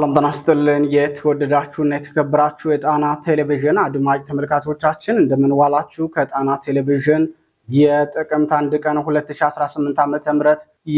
ሰላም ጤና ይስጥልን። የተወደዳችሁና የተከበራችሁ የጣና ቴሌቪዥን አድማጭ ተመልካቾቻችን እንደምንዋላችሁ። ከጣና ቴሌቪዥን የጥቅምት አንድ ቀን 2018 ም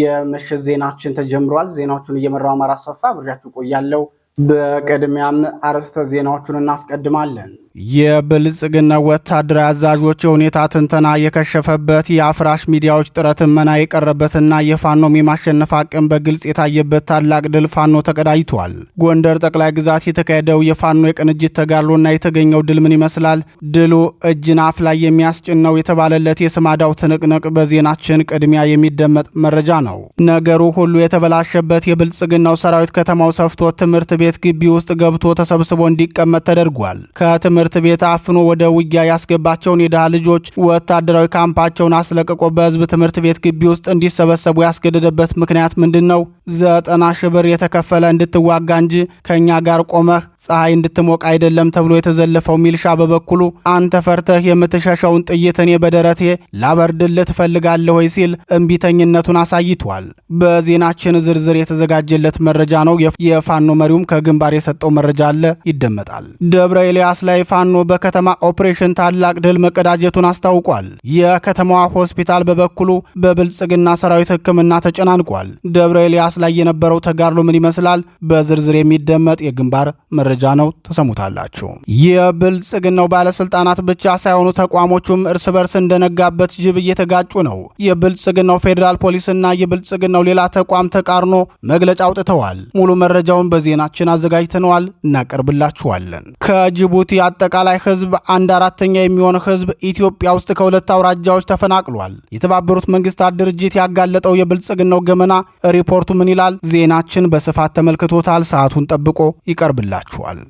የምሽት ዜናችን ተጀምሯል። ዜናዎቹን እየመራው አማራ ሰፋ አብሬያችሁ ቆያለሁ። በቅድሚያም አርዕስተ ዜናዎቹን እናስቀድማለን። የብልጽግና ወታደራዊ አዛዦች የሁኔታ ትንተና የከሸፈበት የአፍራሽ ሚዲያዎች ጥረት መና የቀረበትና የፋኖም የማሸነፍ አቅም በግልጽ የታየበት ታላቅ ድል ፋኖ ተቀዳጅቷል። ጎንደር ጠቅላይ ግዛት የተካሄደው የፋኖ የቅንጅት ተጋድሎና የተገኘው ድል ምን ይመስላል? ድሉ እጅን አፍ ላይ የሚያስጭን ነው የተባለለት የስማዳው ትንቅንቅ በዜናችን ቅድሚያ የሚደመጥ መረጃ ነው። ነገሩ ሁሉ የተበላሸበት የብልጽግናው ሰራዊት ከተማው ሰፍቶ ትምህርት ቤት ግቢ ውስጥ ገብቶ ተሰብስቦ እንዲቀመጥ ተደርጓል። ከትምህርት ቤት አፍኖ ወደ ውጊያ ያስገባቸውን የድሃ ልጆች ወታደራዊ ካምፓቸውን አስለቅቆ በህዝብ ትምህርት ቤት ግቢ ውስጥ እንዲሰበሰቡ ያስገደደበት ምክንያት ምንድን ነው? ዘጠና ሺህ ብር የተከፈለ እንድትዋጋ እንጂ ከእኛ ጋር ቆመህ ፀሐይ እንድትሞቅ አይደለም ተብሎ የተዘለፈው ሚልሻ በበኩሉ አንተ ፈርተህ የምትሸሸውን ጥይት እኔ በደረቴ ላበርድልህ ትፈልጋለህ ወይ ሲል እምቢተኝነቱን አሳይቷል። በዜናችን ዝርዝር የተዘጋጀለት መረጃ ነው። የፋኖ መሪውም ከግንባር የሰጠው መረጃ አለ፣ ይደመጣል። ደብረ ኤልያስ ላይ ፋኖ በከተማ ኦፕሬሽን ታላቅ ድል መቀዳጀቱን አስታውቋል። የከተማዋ ሆስፒታል በበኩሉ በብልጽግና ሰራዊት ሕክምና ተጨናንቋል። ደብረ ኤልያስ ላይ የነበረው ተጋድሎ ምን ይመስላል? በዝርዝር የሚደመጥ የግንባር መረጃ ነው፣ ተሰሙታላችሁ። የብልጽግናው ባለስልጣናት ብቻ ሳይሆኑ ተቋሞቹም እርስ በርስ እንደነጋበት ጅብ እየተጋጩ ነው። የብልጽግናው ፌዴራል ፖሊስና የብልጽግናው ሌላ ተቋም ተቃርኖ መግለጫ አውጥተዋል። ሙሉ መረጃውን በዜናችን ዘገባዎችን አዘጋጅተነዋል፣ እናቀርብላችኋለን። ከጅቡቲ አጠቃላይ ህዝብ አንድ አራተኛ የሚሆን ህዝብ ኢትዮጵያ ውስጥ ከሁለት አውራጃዎች ተፈናቅሏል። የተባበሩት መንግስታት ድርጅት ያጋለጠው የብልጽግናው ገመና ሪፖርቱ ምን ይላል? ዜናችን በስፋት ተመልክቶታል። ሰዓቱን ጠብቆ ይቀርብላችኋል።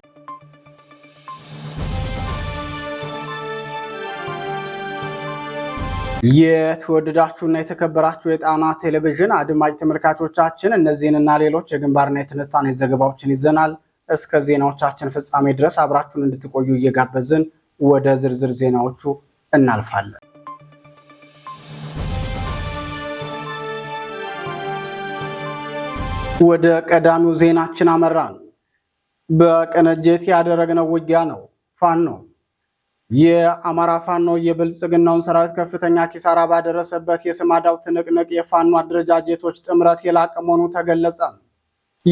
የተወደዳችሁና የተከበራችሁ የጣና ቴሌቪዥን አድማጭ ተመልካቾቻችን እነዚህንና ሌሎች የግንባርና የትንታኔ ዘገባዎችን ይዘናል። እስከ ዜናዎቻችን ፍጻሜ ድረስ አብራችሁን እንድትቆዩ እየጋበዝን ወደ ዝርዝር ዜናዎቹ እናልፋለን። ወደ ቀዳሚው ዜናችን አመራን። በቅንጅት ያደረግነው ውጊያ ነው ፋኖ የአማራ ፋኖ የብልጽግናውን ሰራዊት ከፍተኛ ኪሳራ ባደረሰበት የስማዳው ትንቅንቅ የፋኖ አደረጃጀቶች ጥምረት የላቀ መሆኑ ተገለጸ።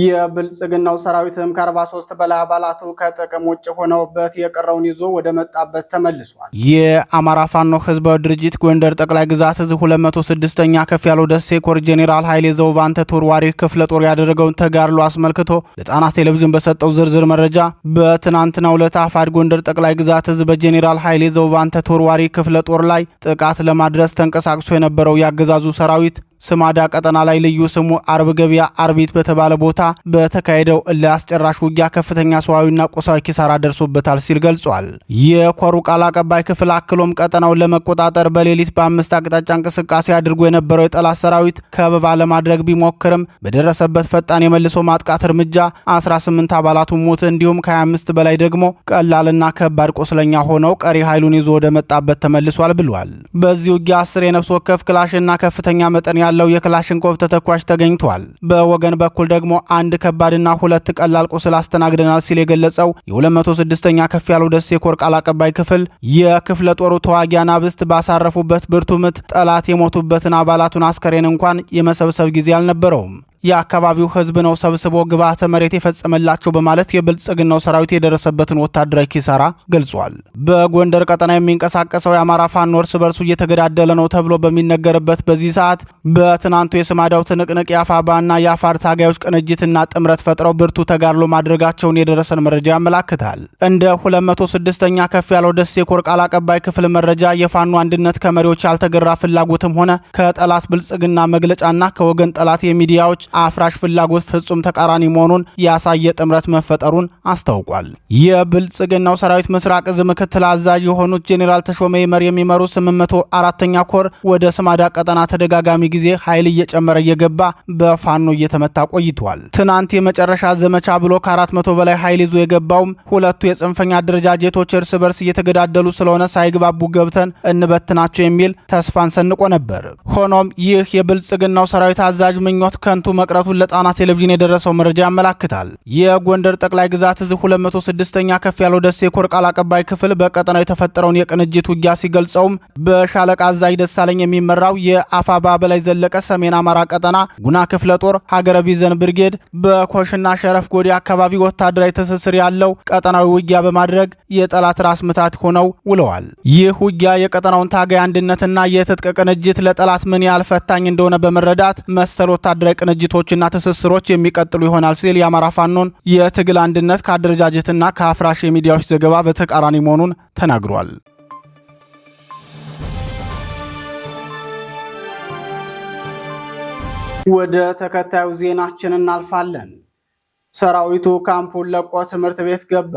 የብልጽግናው ሰራዊትም ከ43 በላይ አባላቱ ከጥቅም ውጭ ሆነውበት የቀረውን ይዞ ወደ መጣበት ተመልሷል። የአማራ ፋኖ ህዝባዊ ድርጅት ጎንደር ጠቅላይ ግዛት እዝ 206ኛ ከፍ ያለው ደሴ ኮር ጄኔራል ኃይሌ ዘውባንተ ተወርዋሪ ክፍለ ጦር ያደረገውን ተጋድሎ አስመልክቶ ለጣና ቴሌቪዥን በሰጠው ዝርዝር መረጃ በትናንትናው ዕለት አፋድ ጎንደር ጠቅላይ ግዛት እዝ በጄኔራል ኃይሌ ዘውባንተ ተወርዋሪ ክፍለ ጦር ላይ ጥቃት ለማድረስ ተንቀሳቅሶ የነበረው ያገዛዙ ሰራዊት ስማዳ ቀጠና ላይ ልዩ ስሙ አርብ ገበያ አርቢት በተባለ ቦታ በተካሄደው እልህ አስጨራሽ ውጊያ ከፍተኛ ሰዋዊና ቁሳዊ ኪሳራ ደርሶበታል ሲል ገልጿል። የኮሩ ቃል አቀባይ ክፍል አክሎም ቀጠናውን ለመቆጣጠር በሌሊት በአምስት አቅጣጫ እንቅስቃሴ አድርጎ የነበረው የጠላት ሰራዊት ከበባ ለማድረግ ቢሞክርም በደረሰበት ፈጣን የመልሶ ማጥቃት እርምጃ 18 አባላቱ ሞት፣ እንዲሁም ከ25 በላይ ደግሞ ቀላልና ከባድ ቁስለኛ ሆነው ቀሪ ኃይሉን ይዞ ወደ መጣበት ተመልሷል ብሏል። በዚህ ውጊያ አስር የነፍስ ወከፍ ክላሽና ከፍተኛ መጠን ያለው የክላሽንኮቭ ተተኳሽ ተገኝቷል። በወገን በኩል ደግሞ አንድ ከባድና ሁለት ቀላል ቁስል አስተናግደናል ሲል የገለጸው የ206ኛ ከፍ ያለው ደሴ ኮር ቃል አቀባይ ክፍል የክፍለ ጦሩ ተዋጊ አናብስት ባሳረፉበት ብርቱ ምት ጠላት የሞቱበትን አባላቱን አስከሬን እንኳን የመሰብሰብ ጊዜ አልነበረውም። የአካባቢው ህዝብ ነው ሰብስቦ ግብዓተ መሬት የፈጸመላቸው በማለት የብልጽግናው ሰራዊት የደረሰበትን ወታደራዊ ኪሳራ ገልጿል። በጎንደር ቀጠና የሚንቀሳቀሰው የአማራ ፋኖ እርስ በርሱ እየተገዳደለ ነው ተብሎ በሚነገርበት በዚህ ሰዓት በትናንቱ የስማዳው ትንቅንቅ የአፋባና የአፋር ታጋዮች ቅንጅትና ጥምረት ፈጥረው ብርቱ ተጋድሎ ማድረጋቸውን የደረሰን መረጃ ያመላክታል። እንደ 206ኛ ከፍ ያለው ደሴ ኮር ቃል አቀባይ ክፍል መረጃ የፋኖ አንድነት ከመሪዎች ያልተገራ ፍላጎትም ሆነ ከጠላት ብልጽግና መግለጫና ከወገን ጠላት የሚዲያዎች አፍራሽ ፍላጎት ፍጹም ተቃራኒ መሆኑን ያሳየ ጥምረት መፈጠሩን አስታውቋል። የብልጽግናው ሰራዊት ምስራቅ እዝ ምክትል አዛዥ የሆኑት ጄኔራል ተሾመ ይመር የሚመሩ 804ኛ ኮር ወደ ስማዳ ቀጠና ተደጋጋሚ ጊዜ ኃይል እየጨመረ እየገባ በፋኖ እየተመታ ቆይቷል። ትናንት የመጨረሻ ዘመቻ ብሎ ከ400 በላይ ኃይል ይዞ የገባውም ሁለቱ የጽንፈኛ አደረጃጀቶች እርስ በርስ እየተገዳደሉ ስለሆነ ሳይግባቡ ገብተን እንበትናቸው የሚል ተስፋን ሰንቆ ነበር። ሆኖም ይህ የብልጽግናው ሰራዊት አዛዥ ምኞት ከንቱ መቅረቱን ለጣና ቴሌቪዥን የደረሰው መረጃ ያመላክታል። የጎንደር ጠቅላይ ግዛት እዝ 206ኛ ከፍ ያለው ደሴ ኮር ቃል አቀባይ ክፍል በቀጠናው የተፈጠረውን የቅንጅት ውጊያ ሲገልጸውም በሻለቃ አዛዥ ደሳለኝ የሚመራው የአፋባ በላይ ዘለቀ ሰሜን አማራ ቀጠና ጉና ክፍለ ጦር ሀገረ ቢዘን ብርጌድ በኮሽና ሸረፍ ጎዴ አካባቢ ወታደራዊ ትስስር ያለው ቀጠናዊ ውጊያ በማድረግ የጠላት ራስ ምታት ሆነው ውለዋል። ይህ ውጊያ የቀጠናውን ታጋይ አንድነትና የትጥቅ ቅንጅት ለጠላት ምን ያህል ፈታኝ እንደሆነ በመረዳት መሰል ወታደራዊ ቅንጅት ድርጊቶችና ትስስሮች የሚቀጥሉ ይሆናል ሲል የአማራ ፋኖን የትግል አንድነት ከአደረጃጀትና ከአፍራሽ የሚዲያዎች ዘገባ በተቃራኒ መሆኑን ተናግሯል። ወደ ተከታዩ ዜናችን እናልፋለን። ሰራዊቱ ካምፑን ለቆ ትምህርት ቤት ገባ።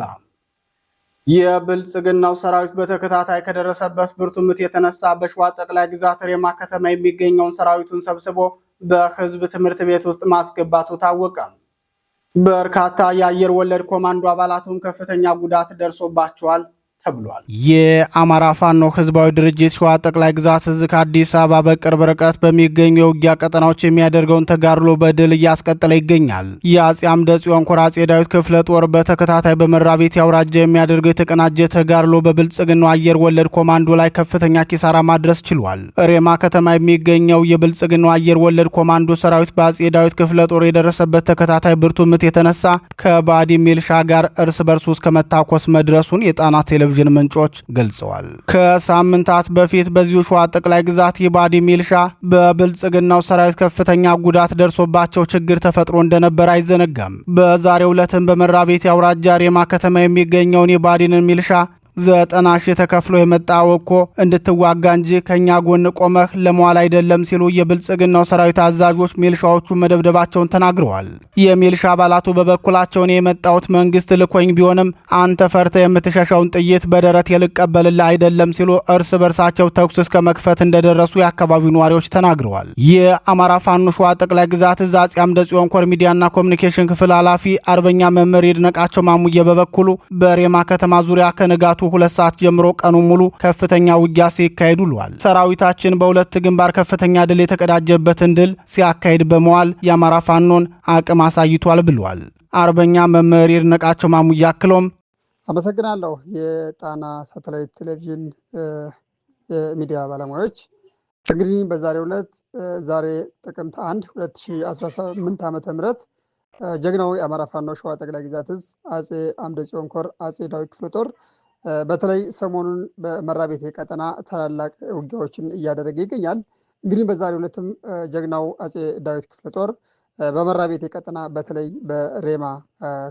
የብልጽግናው ሰራዊት በተከታታይ ከደረሰበት ብርቱ ምት የተነሳ በሸዋ ጠቅላይ ግዛት ሬማ ከተማ የሚገኘውን ሰራዊቱን ሰብስቦ በህዝብ ትምህርት ቤት ውስጥ ማስገባቱ ታወቀ። በርካታ የአየር ወለድ ኮማንዶ አባላቱም ከፍተኛ ጉዳት ደርሶባቸዋል ተብሏል። የአማራ ፋኖ ህዝባዊ ድርጅት ሸዋ ጠቅላይ ግዛት እዝ ከአዲስ አበባ በቅርብ ርቀት በሚገኙ የውጊያ ቀጠናዎች የሚያደርገውን ተጋድሎ በድል እያስቀጠለ ይገኛል። የአጼ አምደ ጽዮን ኮር አጼ ዳዊት ክፍለ ጦር በተከታታይ በመራቤት ያውራጀ የሚያደርገው የተቀናጀ ተጋድሎ በብልጽግናው አየር ወለድ ኮማንዶ ላይ ከፍተኛ ኪሳራ ማድረስ ችሏል። ሬማ ከተማ የሚገኘው የብልጽግናው አየር ወለድ ኮማንዶ ሰራዊት በአጼ ዳዊት ክፍለ ጦር የደረሰበት ተከታታይ ብርቱ ምት የተነሳ ከባዲ ሚልሻ ጋር እርስ በርሱ እስከ መታኮስ መድረሱን የጣና ቴሌቪዥን የቴሌቪዥን ምንጮች ገልጸዋል። ከሳምንታት በፊት በዚሁ ሸዋ ጠቅላይ ግዛት የባዲ ሚልሻ በብልጽግናው ሰራዊት ከፍተኛ ጉዳት ደርሶባቸው ችግር ተፈጥሮ እንደነበር አይዘነጋም። በዛሬው ዕለትም በመራቤቴ አውራጃ ሬማ ከተማ የሚገኘውን የባዲንን ሚልሻ ዘጠና ሺህ ተከፍሎ የመጣው እኮ እንድትዋጋ እንጂ ከእኛ ጎን ቆመህ ለመዋል አይደለም ሲሉ የብልጽግናው ሰራዊት አዛዦች ሚልሻዎቹ መደብደባቸውን ተናግረዋል። የሚልሻ አባላቱ በበኩላቸው እኔ የመጣሁት መንግስት ልኮኝ ቢሆንም አንተ ፈርተ የምትሸሸውን ጥይት በደረት የልቀበልልህ አይደለም ሲሉ እርስ በርሳቸው ተኩስ እስከ መክፈት እንደደረሱ የአካባቢው ነዋሪዎች ተናግረዋል። የአማራ ፋኖ ሸዋ ጠቅላይ ግዛት እዝ አፄ አምደ ጽዮን ኮር ሚዲያና ኮሚኒኬሽን ክፍል ኃላፊ አርበኛ መምህር ይድነቃቸው ማሙዬ በበኩሉ በሬማ ከተማ ዙሪያ ከንጋቱ ሁለት ሰዓት ጀምሮ ቀኑን ሙሉ ከፍተኛ ውጊያ ሲካሄድ ውሏል። ሰራዊታችን በሁለት ግንባር ከፍተኛ ድል የተቀዳጀበትን ድል ሲያካሄድ በመዋል የአማራ ፋኖን አቅም አሳይቷል ብሏል። አርበኛ መምህር ይድነቃቸው ማሙያ አክሎም አመሰግናለሁ። የጣና ሳተላይት ቴሌቪዥን የሚዲያ ባለሙያዎች እንግዲህ በዛሬው ዕለት ዛሬ ጥቅምት 1 2018 ዓ ም ጀግናው የአማራ ፋኖ ሸዋ ጠቅላይ ግዛት እዝ አጼ አምደ ጽዮን ኮር አጼ ዳዊት ክፍለ ጦር በተለይ ሰሞኑን በመራቤቴ ቀጠና ታላላቅ ውጊያዎችን እያደረገ ይገኛል። እንግዲህ በዛሬ ሁለትም ጀግናው አፄ ዳዊት ክፍለ ጦር በመራቤቴ ቀጠና በተለይ በሬማ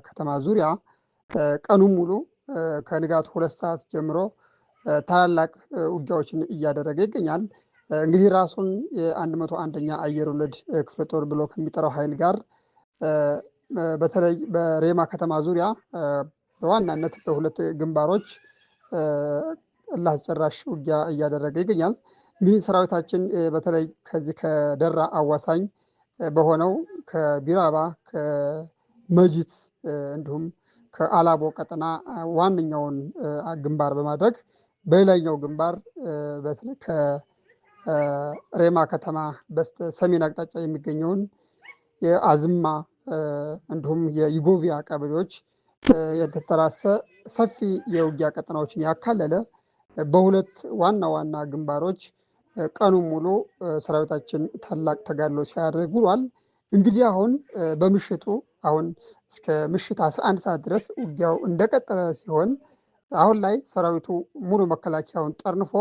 ከተማ ዙሪያ ቀኑን ሙሉ ከንጋቱ ሁለት ሰዓት ጀምሮ ታላላቅ ውጊያዎችን እያደረገ ይገኛል። እንግዲህ ራሱን የአንድ መቶ አንደኛ አየር ወለድ ክፍለ ጦር ብሎ ከሚጠራው ኃይል ጋር በተለይ በሬማ ከተማ ዙሪያ በዋናነት በሁለት ግንባሮች ላስጨራሽ ውጊያ እያደረገ ይገኛል። ይህ ሰራዊታችን በተለይ ከዚህ ከደራ አዋሳኝ በሆነው ከቢራባ ከመጂት እንዲሁም ከአላቦ ቀጠና ዋነኛውን ግንባር በማድረግ በሌላኛው ግንባር በተለይ ከሬማ ከተማ በስተ ሰሜን አቅጣጫ የሚገኘውን የአዝማ እንዲሁም የይጎቪያ ቀበሌዎች የተጠራሰ ሰፊ የውጊያ ቀጠናዎችን ያካለለ በሁለት ዋና ዋና ግንባሮች ቀኑን ሙሉ ሰራዊታችን ታላቅ ተጋድሎ ሲያደርግ ውሏል። እንግዲህ አሁን በምሽቱ አሁን እስከ ምሽት 11 ሰዓት ድረስ ውጊያው እንደቀጠለ ሲሆን አሁን ላይ ሰራዊቱ ሙሉ መከላከያውን ጠርንፎ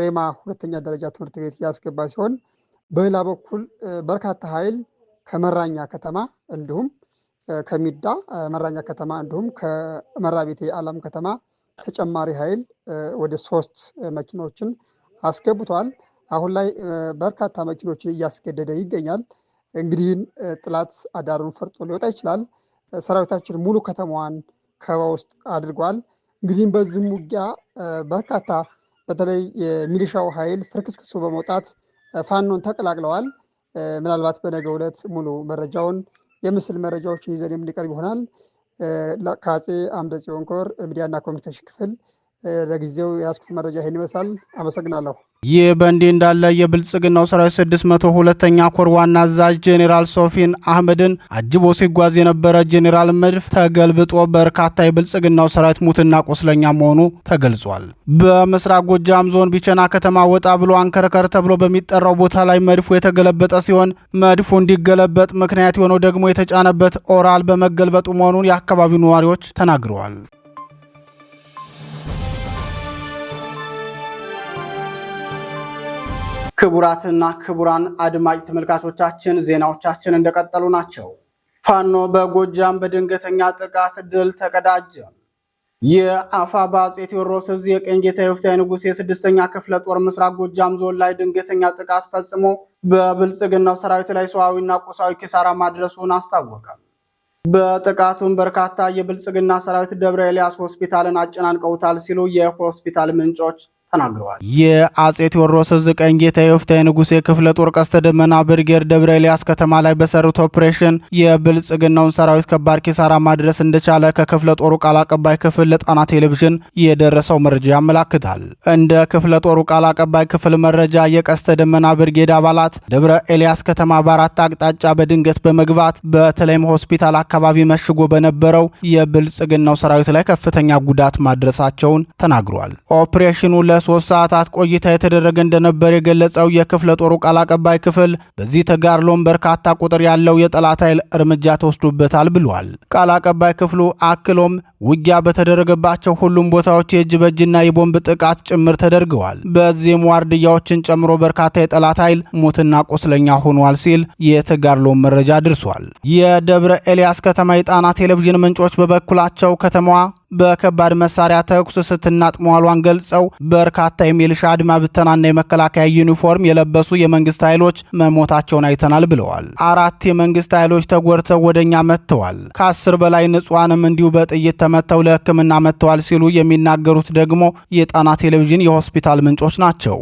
ሬማ ሁለተኛ ደረጃ ትምህርት ቤት እያስገባ ሲሆን በሌላ በኩል በርካታ ኃይል ከመራኛ ከተማ እንዲሁም ከሚዳ መራኛ ከተማ እንዲሁም ከመራቤቴ አላም ከተማ ተጨማሪ ኃይል ወደ ሶስት መኪኖችን አስገብቷል። አሁን ላይ በርካታ መኪኖችን እያስገደደ ይገኛል። እንግዲህን ጥላት አዳሩን ፈርጦ ሊወጣ ይችላል። ሰራዊታችን ሙሉ ከተማዋን ከበባ ውስጥ አድርጓል። እንግዲህም በዚህም ውጊያ በርካታ በተለይ የሚሊሻው ኃይል ፍርክስክሱ በመውጣት ፋኖን ተቀላቅለዋል። ምናልባት በነገ ዕለት ሙሉ መረጃውን የምስል መረጃዎችን ይዘን የምንቀርብ ይሆናል። ከአጼ አምደ ጽዮን ኮር ሚዲያና ኮሚኒኬሽን ክፍል ለጊዜው የያዝኩት መረጃ ይሄን ይመስላል። አመሰግናለሁ። ይህ በእንዲህ እንዳለ የብልጽግናው ሰራዊት ስድስት መቶ ሁለተኛ ኮር ዋና አዛዥ ጄኔራል ሶፊን አህመድን አጅቦ ሲጓዝ የነበረ ጄኔራል መድፍ ተገልብጦ በርካታ የብልጽግናው ሰራዊት ሙትና ቆስለኛ መሆኑ ተገልጿል። በምስራቅ ጎጃም ዞን ቢቸና ከተማ ወጣ ብሎ አንከረከር ተብሎ በሚጠራው ቦታ ላይ መድፉ የተገለበጠ ሲሆን መድፉ እንዲገለበጥ ምክንያት የሆነው ደግሞ የተጫነበት ኦራል በመገልበጡ መሆኑን የአካባቢው ነዋሪዎች ተናግረዋል። ክቡራትና ክቡራን አድማጭ ተመልካቾቻችን ዜናዎቻችን እንደቀጠሉ ናቸው። ፋኖ በጎጃም በድንገተኛ ጥቃት ድል ተቀዳጀ። የአፋባ አፄ ቴዎድሮስ እዝ የቀኝ ጌታ የወፍታዊ ንጉሥ የስድስተኛ ክፍለ ጦር ምስራቅ ጎጃም ዞን ላይ ድንገተኛ ጥቃት ፈጽሞ በብልጽግናው ሰራዊት ላይ ሰዋዊና ቁሳዊ ኪሳራ ማድረሱን አስታወቀ። በጥቃቱም በርካታ የብልጽግና ሰራዊት ደብረ ኤልያስ ሆስፒታልን አጨናንቀውታል ሲሉ የሆስፒታል ምንጮች ተናግረዋል። የአጼ ቴዎድሮስ እዝ ቀኝ ጌታ የወፍታዊ ንጉሴ ክፍለ ጦር ቀስተ ደመና ብርጌድ ደብረ ኤልያስ ከተማ ላይ በሰሩት ኦፕሬሽን የብልጽግናውን ሰራዊት ከባድ ኪሳራ ማድረስ እንደቻለ ከክፍለ ጦሩ ቃል አቀባይ ክፍል ለጣና ቴሌቪዥን የደረሰው መረጃ ያመላክታል። እንደ ክፍለ ጦሩ ቃል አቀባይ ክፍል መረጃ የቀስተ ደመና ብርጌድ አባላት ደብረ ኤልያስ ከተማ በአራት አቅጣጫ በድንገት በመግባት በተለይም ሆስፒታል አካባቢ መሽጎ በነበረው የብልጽግናው ሰራዊት ላይ ከፍተኛ ጉዳት ማድረሳቸውን ተናግሯል። ኦፕሬሽኑ ለ ለሶስት ሰዓታት ቆይታ የተደረገ እንደነበር የገለጸው የክፍለ ጦሩ ቃል አቀባይ ክፍል በዚህ ተጋድሎም በርካታ ቁጥር ያለው የጠላት ኃይል እርምጃ ተወስዶበታል ብሏል። ቃል አቀባይ ክፍሉ አክሎም ውጊያ በተደረገባቸው ሁሉም ቦታዎች የእጅ በእጅና የቦምብ ጥቃት ጭምር ተደርገዋል። በዚህም ዋርድያዎችን ጨምሮ በርካታ የጠላት ኃይል ሞትና ቆስለኛ ሆኗል ሲል የተጋድሎ መረጃ ድርሷል። የደብረ ኤልያስ ከተማ የጣና ቴሌቪዥን ምንጮች በበኩላቸው ከተማዋ በከባድ መሳሪያ ተኩስ ስትናጥ መዋሏን ገልጸው በርካታ የሚልሻ አድማ ብተናና የመከላከያ ዩኒፎርም የለበሱ የመንግስት ኃይሎች መሞታቸውን አይተናል ብለዋል። አራት የመንግስት ኃይሎች ተጎድተው ወደኛ መጥተዋል። ከአስር በላይ ንጹሐንም እንዲሁ በጥይት ተመተው ለሕክምና መጥተዋል ሲሉ የሚናገሩት ደግሞ የጣና ቴሌቪዥን የሆስፒታል ምንጮች ናቸው።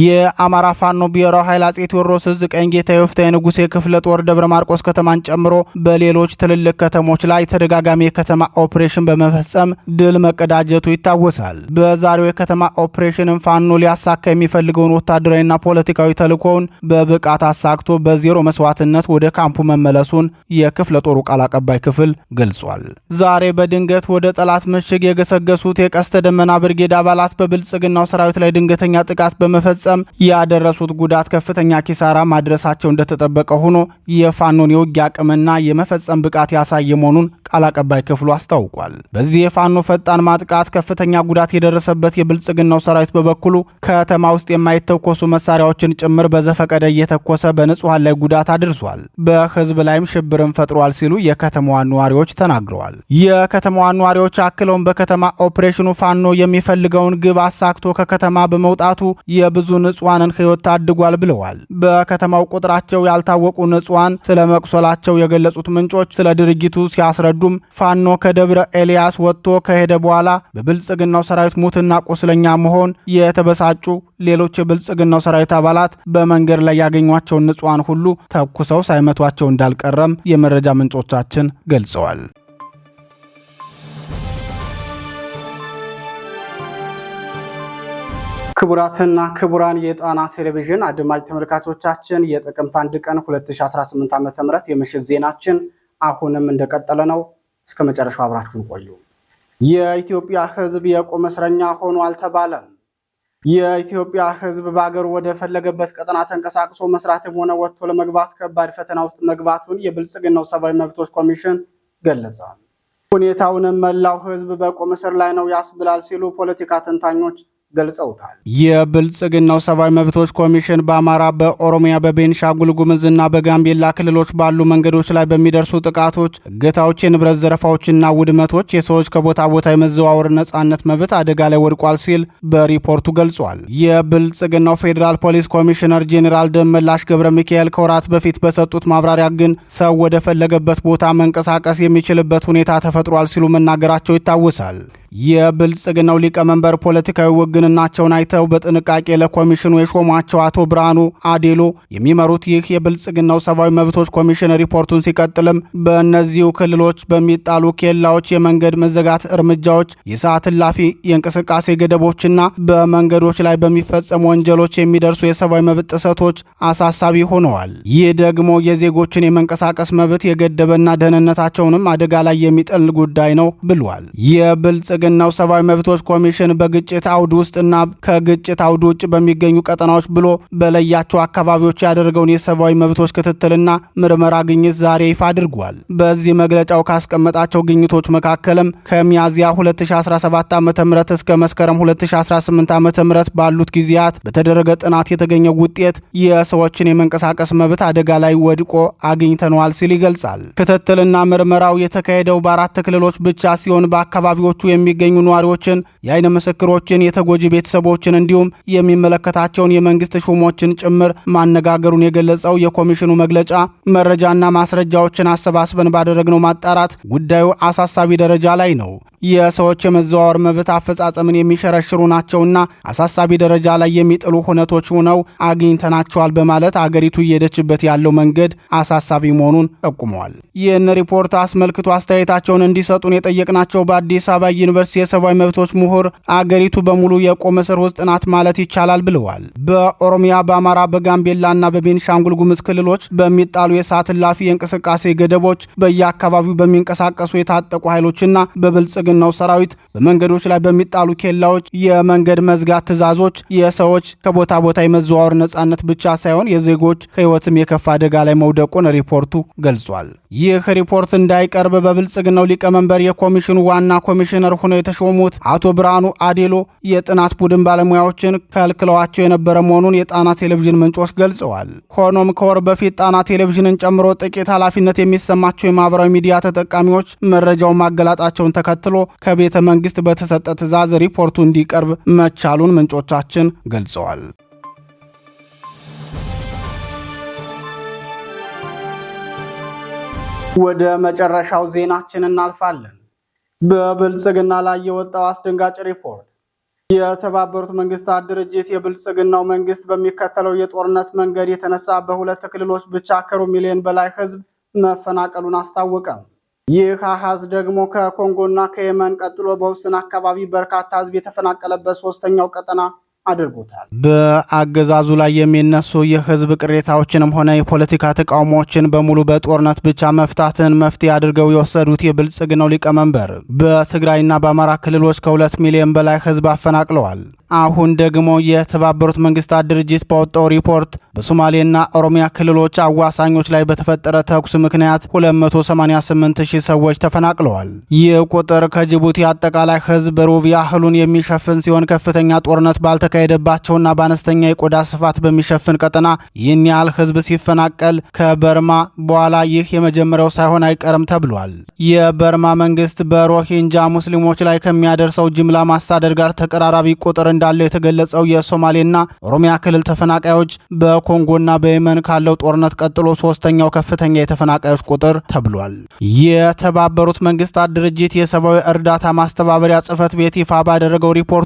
የአማራ ፋኖ ብሔራዊ ኃይል አጼ ቴዎድሮስ እዝ ቀኝ ጌታ የወፍታ ንጉሴ ክፍለ ጦር ደብረ ማርቆስ ከተማን ጨምሮ በሌሎች ትልልቅ ከተሞች ላይ ተደጋጋሚ የከተማ ኦፕሬሽን በመፈጸም ድል መቀዳጀቱ ይታወሳል። በዛሬው የከተማ ኦፕሬሽንም ፋኖ ሊያሳካ የሚፈልገውን ወታደራዊና ፖለቲካዊ ተልእኮውን በብቃት አሳክቶ በዜሮ መስዋዕትነት ወደ ካምፑ መመለሱን የክፍለ ጦሩ ቃል አቀባይ ክፍል ገልጿል። ዛሬ በድንገት ወደ ጠላት ምሽግ የገሰገሱት የቀስተ ደመና ብርጌድ አባላት በብልጽግናው ሰራዊት ላይ ድንገተኛ ጥቃት በመፈ በመፈጸም ያደረሱት ጉዳት ከፍተኛ ኪሳራ ማድረሳቸው እንደተጠበቀ ሆኖ የፋኖን የውጊያ አቅምና የመፈጸም ብቃት ያሳየ መሆኑን ቃል አቀባይ ክፍሉ አስታውቋል። በዚህ የፋኖ ፈጣን ማጥቃት ከፍተኛ ጉዳት የደረሰበት የብልጽግናው ሰራዊት በበኩሉ ከተማ ውስጥ የማይተኮሱ መሳሪያዎችን ጭምር በዘፈቀደ እየተኮሰ በንጹሐን ላይ ጉዳት አድርሷል። በህዝብ ላይም ሽብርን ፈጥሯል ሲሉ የከተማዋ ነዋሪዎች ተናግረዋል። የከተማዋ ነዋሪዎች አክለውን በከተማ ኦፕሬሽኑ ፋኖ የሚፈልገውን ግብ አሳክቶ ከከተማ በመውጣቱ የብ ብዙ ንጹሐንን ሕይወት ታድጓል ብለዋል። በከተማው ቁጥራቸው ያልታወቁ ንጹሐን ስለ መቁሰላቸው የገለጹት ምንጮች ስለ ድርጊቱ ሲያስረዱም ፋኖ ከደብረ ኤልያስ ወጥቶ ከሄደ በኋላ በብልጽግናው ሰራዊት ሙትና ቁስለኛ መሆን የተበሳጩ ሌሎች የብልጽግናው ሰራዊት አባላት በመንገድ ላይ ያገኟቸውን ንጹሐን ሁሉ ተኩሰው ሳይመቷቸው እንዳልቀረም የመረጃ ምንጮቻችን ገልጸዋል። ክቡራትና ክቡራን የጣና ቴሌቪዥን አድማጭ ተመልካቾቻችን የጥቅምት አንድ ቀን 2018 ም የምሽት ዜናችን አሁንም እንደቀጠለ ነው። እስከ መጨረሻው አብራችሁን ቆዩ። የኢትዮጵያ ሕዝብ የቁም እስረኛ ሆኖ አልተባለም። የኢትዮጵያ ሕዝብ በአገር ወደ ፈለገበት ቀጠና ተንቀሳቅሶ መስራትም ሆነ ወጥቶ ለመግባት ከባድ ፈተና ውስጥ መግባቱን የብልጽግናው ሰብአዊ መብቶች ኮሚሽን ገለጸ። ሁኔታውንም መላው ሕዝብ በቁም እስር ላይ ነው ያስብላል ሲሉ ፖለቲካ ተንታኞች ገልጸውታል። የብልጽግናው ሰብአዊ መብቶች ኮሚሽን በአማራ፣ በኦሮሚያ፣ በቤንሻንጉል ጉምዝና በጋምቤላ ክልሎች ባሉ መንገዶች ላይ በሚደርሱ ጥቃቶች፣ እገታዎች፣ የንብረት ዘረፋዎችና ውድመቶች የሰዎች ከቦታ ቦታ የመዘዋወር ነጻነት መብት አደጋ ላይ ወድቋል ሲል በሪፖርቱ ገልጿል። የብልጽግናው ፌዴራል ፖሊስ ኮሚሽነር ጄኔራል ደመላሽ ገብረ ሚካኤል ከወራት በፊት በሰጡት ማብራሪያ ግን ሰው ወደፈለገበት ቦታ መንቀሳቀስ የሚችልበት ሁኔታ ተፈጥሯል ሲሉ መናገራቸው ይታወሳል። የብልጽግናው ሊቀመንበር ፖለቲካዊ ውግንናቸውን አይተው በጥንቃቄ ለኮሚሽኑ የሾሟቸው አቶ ብርሃኑ አዴሎ የሚመሩት ይህ የብልጽግናው ሰብአዊ መብቶች ኮሚሽን ሪፖርቱን ሲቀጥልም በእነዚሁ ክልሎች በሚጣሉ ኬላዎች የመንገድ መዘጋት እርምጃዎች፣ የሰዓት እላፊ፣ የእንቅስቃሴ ገደቦችና በመንገዶች ላይ በሚፈጸሙ ወንጀሎች የሚደርሱ የሰብአዊ መብት ጥሰቶች አሳሳቢ ሆነዋል። ይህ ደግሞ የዜጎችን የመንቀሳቀስ መብት የገደበና ደህንነታቸውንም አደጋ ላይ የሚጥል ጉዳይ ነው ብሏል። የብልጽግናው ሰብአዊ መብቶች ኮሚሽን በግጭት አውድ ውስጥና ከግጭት አውድ ውጭ በሚገኙ ቀጠናዎች ብሎ በለያቸው አካባቢዎች ያደረገውን የሰብአዊ መብቶች ክትትልና ምርመራ ግኝት ዛሬ ይፋ አድርጓል። በዚህ መግለጫው ካስቀመጣቸው ግኝቶች መካከልም ከሚያዝያ 2017 ዓ ም እስከ መስከረም 2018 ዓ ም ባሉት ጊዜያት በተደረገ ጥናት የተገኘው ውጤት የሰዎችን የመንቀሳቀስ መብት አደጋ ላይ ወድቆ አግኝተነዋል ሲል ይገልጻል። ክትትልና ምርመራው የተካሄደው በአራት ክልሎች ብቻ ሲሆን በአካባቢዎቹ የሚ የሚገኙ ነዋሪዎችን፣ የአይን ምስክሮችን፣ የተጎጂ ቤተሰቦችን እንዲሁም የሚመለከታቸውን የመንግስት ሹሞችን ጭምር ማነጋገሩን የገለጸው የኮሚሽኑ መግለጫ መረጃና ማስረጃዎችን አሰባስበን ባደረግነው ማጣራት ጉዳዩ አሳሳቢ ደረጃ ላይ ነው የሰዎች የመዘዋወር መብት አፈጻጸምን የሚሸረሽሩ ናቸውና አሳሳቢ ደረጃ ላይ የሚጥሉ ሁነቶች ሆነው አግኝተናቸዋል በማለት አገሪቱ እየሄደችበት ያለው መንገድ አሳሳቢ መሆኑን ጠቁመዋል። ይህን ሪፖርት አስመልክቶ አስተያየታቸውን እንዲሰጡን የጠየቅናቸው በአዲስ አበባ ዩኒቨርሲቲ ዩኒቨርሲቲ የሰብአዊ መብቶች ምሁር አገሪቱ በሙሉ የቆመ ስር ውስጥ ናት ማለት ይቻላል ብለዋል። በኦሮሚያ፣ በአማራ፣ በጋምቤላና በቤንሻንጉል ጉምዝ ክልሎች በሚጣሉ የሰዓት እላፊ የእንቅስቃሴ ገደቦች በየአካባቢው በሚንቀሳቀሱ የታጠቁ ኃይሎችና በብልጽግናው ሰራዊት በመንገዶች ላይ በሚጣሉ ኬላዎች፣ የመንገድ መዝጋት ትዕዛዞች የሰዎች ከቦታ ቦታ የመዘዋወር ነጻነት ብቻ ሳይሆን የዜጎች ህይወትም የከፋ አደጋ ላይ መውደቁን ሪፖርቱ ገልጿል። ይህ ሪፖርት እንዳይቀርብ በብልጽግናው ሊቀመንበር የኮሚሽኑ ዋና ኮሚሽነር ሆነው የተሾሙት አቶ ብርሃኑ አዴሎ የጥናት ቡድን ባለሙያዎችን ከልክለዋቸው የነበረ መሆኑን የጣና ቴሌቪዥን ምንጮች ገልጸዋል። ሆኖም ከወር በፊት ጣና ቴሌቪዥንን ጨምሮ ጥቂት ኃላፊነት የሚሰማቸው የማህበራዊ ሚዲያ ተጠቃሚዎች መረጃውን ማገላጣቸውን ተከትሎ ከቤተ መንግስት በተሰጠ ትዕዛዝ ሪፖርቱ እንዲቀርብ መቻሉን ምንጮቻችን ገልጸዋል። ወደ መጨረሻው ዜናችን እናልፋለን። በብልጽግና ላይ የወጣው አስደንጋጭ ሪፖርት የተባበሩት መንግስታት ድርጅት የብልጽግናው መንግስት በሚከተለው የጦርነት መንገድ የተነሳ በሁለት ክልሎች ብቻ ከሩብ ሚሊዮን በላይ ህዝብ መፈናቀሉን አስታወቀ። ይህ አሃዝ ደግሞ ከኮንጎና ከየመን ቀጥሎ በውስን አካባቢ በርካታ ህዝብ የተፈናቀለበት ሶስተኛው ቀጠና አድርጎታል። በአገዛዙ ላይ የሚነሱ የህዝብ ቅሬታዎችንም ሆነ የፖለቲካ ተቃውሞዎችን በሙሉ በጦርነት ብቻ መፍታትን መፍትሄ አድርገው የወሰዱት የብልጽግናው ሊቀመንበር በትግራይና በአማራ ክልሎች ከሁለት ሚሊዮን በላይ ህዝብ አፈናቅለዋል። አሁን ደግሞ የተባበሩት መንግስታት ድርጅት ባወጣው ሪፖርት በሶማሌና ኦሮሚያ ክልሎች አዋሳኞች ላይ በተፈጠረ ተኩስ ምክንያት 288 ሺህ ሰዎች ተፈናቅለዋል። ይህ ቁጥር ከጅቡቲ አጠቃላይ ህዝብ በሩብ ያህሉን የሚሸፍን ሲሆን ከፍተኛ ጦርነት ባልተ በተካሄደባቸውና በአነስተኛ የቆዳ ስፋት በሚሸፍን ቀጠና ይህን ያህል ህዝብ ሲፈናቀል ከበርማ በኋላ ይህ የመጀመሪያው ሳይሆን አይቀርም ተብሏል። የበርማ መንግስት በሮሂንጃ ሙስሊሞች ላይ ከሚያደርሰው ጅምላ ማሳደድ ጋር ተቀራራቢ ቁጥር እንዳለው የተገለጸው የሶማሌና ኦሮሚያ ክልል ተፈናቃዮች በኮንጎና በየመን ካለው ጦርነት ቀጥሎ ሶስተኛው ከፍተኛ የተፈናቃዮች ቁጥር ተብሏል። የተባበሩት መንግስታት ድርጅት የሰብአዊ እርዳታ ማስተባበሪያ ጽህፈት ቤት ይፋ ባደረገው ሪፖርቱ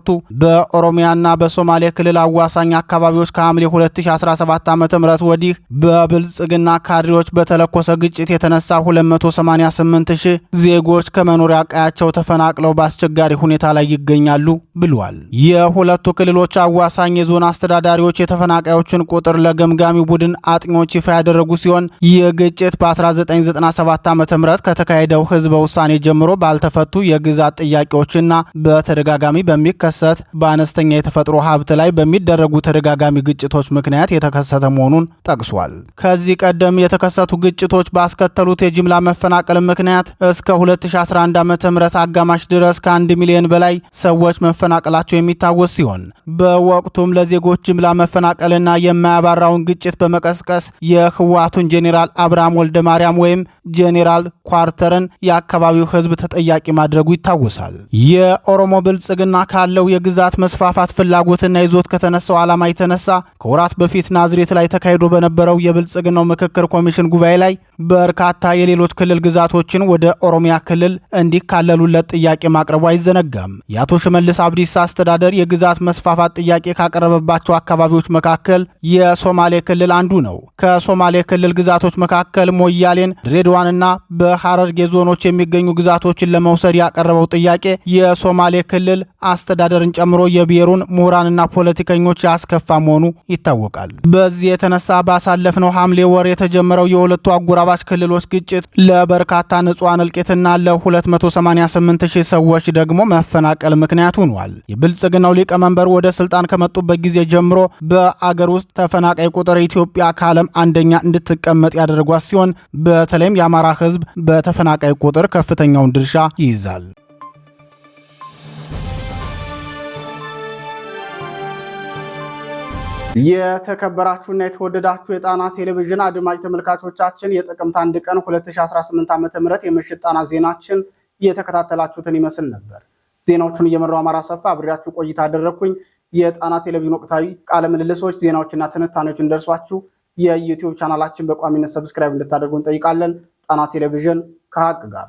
በኦሮሚያና በ የሶማሌ ክልል አዋሳኝ አካባቢዎች ከሐምሌ 2017 ዓ ም ወዲህ በብልጽግና ካድሬዎች በተለኮሰ ግጭት የተነሳ 288 ሺህ ዜጎች ከመኖሪያ ቀያቸው ተፈናቅለው በአስቸጋሪ ሁኔታ ላይ ይገኛሉ ብሏል። የሁለቱ ክልሎች አዋሳኝ የዞን አስተዳዳሪዎች የተፈናቃዮችን ቁጥር ለገምጋሚ ቡድን አጥኚዎች ይፋ ያደረጉ ሲሆን ይህ ግጭት በ1997 ዓ ም ከተካሄደው ህዝበ ውሳኔ ጀምሮ ባልተፈቱ የግዛት ጥያቄዎችና በተደጋጋሚ በሚከሰት በአነስተኛ የተፈጥሮ ሀብት ላይ በሚደረጉ ተደጋጋሚ ግጭቶች ምክንያት የተከሰተ መሆኑን ጠቅሷል። ከዚህ ቀደም የተከሰቱ ግጭቶች ባስከተሉት የጅምላ መፈናቀል ምክንያት እስከ 2011 ዓ ም አጋማሽ ድረስ ከ1 ሚሊዮን በላይ ሰዎች መፈናቀላቸው የሚታወስ ሲሆን በወቅቱም ለዜጎች ጅምላ መፈናቀልና የማያባራውን ግጭት በመቀስቀስ የህወሓቱን ጄኔራል አብርሃም ወልደ ማርያም ወይም ጄኔራል ኳርተርን የአካባቢው ህዝብ ተጠያቂ ማድረጉ ይታወሳል። የኦሮሞ ብልጽግና ካለው የግዛት መስፋፋት ፍላጎት ፍላጎትና ይዞት ከተነሳው ዓላማ የተነሳ ከወራት በፊት ናዝሬት ላይ ተካሂዶ በነበረው የብልጽግናው ምክክር ኮሚሽን ጉባኤ ላይ በርካታ የሌሎች ክልል ግዛቶችን ወደ ኦሮሚያ ክልል እንዲካለሉለት ጥያቄ ማቅረቡ አይዘነጋም። የአቶ ሽመልስ አብዲሳ አስተዳደር የግዛት መስፋፋት ጥያቄ ካቀረበባቸው አካባቢዎች መካከል የሶማሌ ክልል አንዱ ነው። ከሶማሌ ክልል ግዛቶች መካከል ሞያሌን፣ ድሬዳዋንና በሐረርጌ ዞኖች የሚገኙ ግዛቶችን ለመውሰድ ያቀረበው ጥያቄ የሶማሌ ክልል አስተዳደርን ጨምሮ የብሔሩን ምሁራን ንጹሐንና ፖለቲከኞች ያስከፋ መሆኑ ይታወቃል። በዚህ የተነሳ ባሳለፍነው ሐምሌ ወር የተጀመረው የሁለቱ አጎራባች ክልሎች ግጭት ለበርካታ ንጹሐን እልቂትና ለ288 ሺህ ሰዎች ደግሞ መፈናቀል ምክንያት ሆኗል። የብልጽግናው ሊቀመንበር ወደ ስልጣን ከመጡበት ጊዜ ጀምሮ በአገር ውስጥ ተፈናቃይ ቁጥር ኢትዮጵያ ከዓለም አንደኛ እንድትቀመጥ ያደርጓት ሲሆን በተለይም የአማራ ህዝብ በተፈናቃይ ቁጥር ከፍተኛውን ድርሻ ይይዛል። የተከበራችሁና የተወደዳችሁ የጣና ቴሌቪዥን አድማጭ ተመልካቾቻችን የጥቅምት አንድ ቀን 2018 ዓ ም የምሽት ጣና ዜናችን እየተከታተላችሁትን ይመስል ነበር። ዜናዎቹን እየመራው አማራ ሰፋ አብሬያችሁ ቆይታ አደረግኩኝ። የጣና ቴሌቪዥን ወቅታዊ ቃለምልልሶች፣ ዜናዎችና ትንታኔዎች እንደርሷችሁ የዩቲዩብ ቻናላችን በቋሚነት ሰብስክራይብ እንድታደርጉ እንጠይቃለን። ጣና ቴሌቪዥን ከሀቅ ጋር